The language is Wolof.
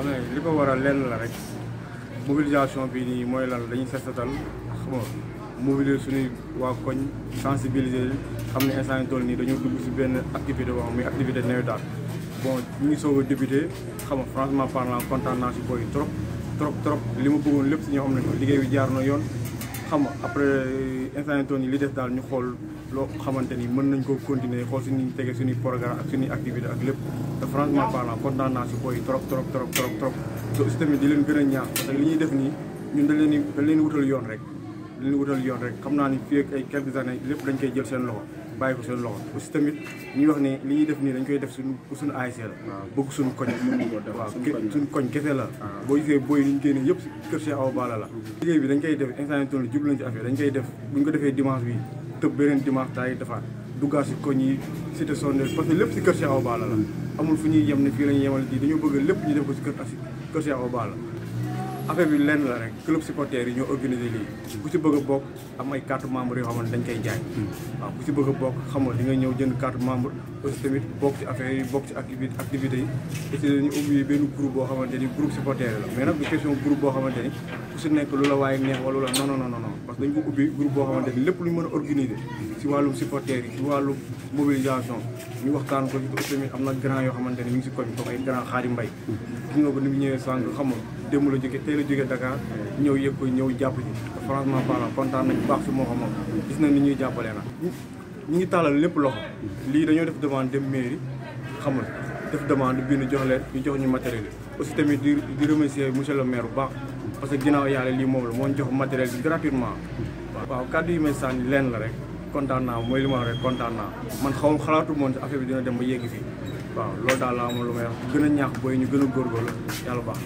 xam li ko war a lenn la rek mobilisation bi nii mooy lan dañuy sesatal xam nga mobiliser suñuy waa koñ sensibiliser xam ne instant yi toll nii dañoo dugg si benn activité boo xam muy activité daal bon ñu ngi soog a débuté xam nga franchement parlant kontaan naa si booy trop trop trop li ma bëggoon lépp si ñoo na ne liggéey bi jaar na yoon xam nga après instant toon yi li des daal ñu xool loo xamante ni mën nañ koo continuer xool suñuy tege suñuy programme ak suñu activité ak lépp te franchement parlant kontaan naa si booy trop trop trop trop trop te aussi tamit di leen gën a ñaax li ñuy def nii ñun dañ leen dañ leen wutal yoon rek dañ leen wutal yoon rek xam naa ni fii ak ay quelques années lépp dañ koy jël seen loxo bàyyi ko seen loxo aussi tamit ñuy wax ni li ñuy def nii dañ koy def suñu suñu ASC la bëgg suñu koñ waaw suñu koñ kese la boo gisee booy ñu génne yëpp kër Cheikh Awa Balla la liggéey bi dañ koy def instant toll jub lañ ci affaire dañ koy def buñ ko defee dimanche bi tëb beneen dimanche taay defaat duggaat si koñ yi cité sondeel parce que lépp si kër Cheikh Awa Balla la hmm. amul fu ñuy yem ne fii la ñu yemal ji dañoo bëgg lépp ñu def ko si kër asi kër Cheikh affaire bi lenn la rek club supporter yi ñoo organisé lii ku ci bëgg a bokk am ay carte membre yoo xam ne dañ koy jaay hmm. waaw ku ci bëgg bokk xam nga di nga ñëw jënd carte membre aussi tamit bokk ci affaire yi bokk ci activité yi et benn groupe boo xamante ni groupe supporter la mais nag du question groupe boo ku si nekk lu la waaye neex wala lu la non non non parce que dañ ko ubbi groupe boo xamante lépp lu mën a organiser si wàllum supporter yi si wàllum mobilisation ñu waxtaan ko ci aussi tamit am na grand yoo xamante ni ñu ngi si koñ comme ay grand xaari mbay hmm. gis nga ko ni mu ñëwee sànq xam démb la jóge tey la jóge Dakar ñëw yëpp ñëw jàpp ci franchement parlant pontaan nañ baax si moo xam moom gis nañ ni ñuy jàppalee na ñu ngi tàllal lépp loxo lii dañoo def demande dem mairie xamul def demande bii nu jox leen ñu jox ñu matériel yi aussi tamit di di remercier monsieur le maire bu baax parce que ginnaaw yàlla lii moom la moo jox matériel bi gratuitement waaw kàddu yi may sànni leen la rek kontaan naa mooy li ma wax kontaan naa man xaw xalaatu moon si affaire bi dina dem ba yegg fii waaw loolu daal la amoon lu may gën a ñaax booy ñu gën a góorgóorlu yàlla baax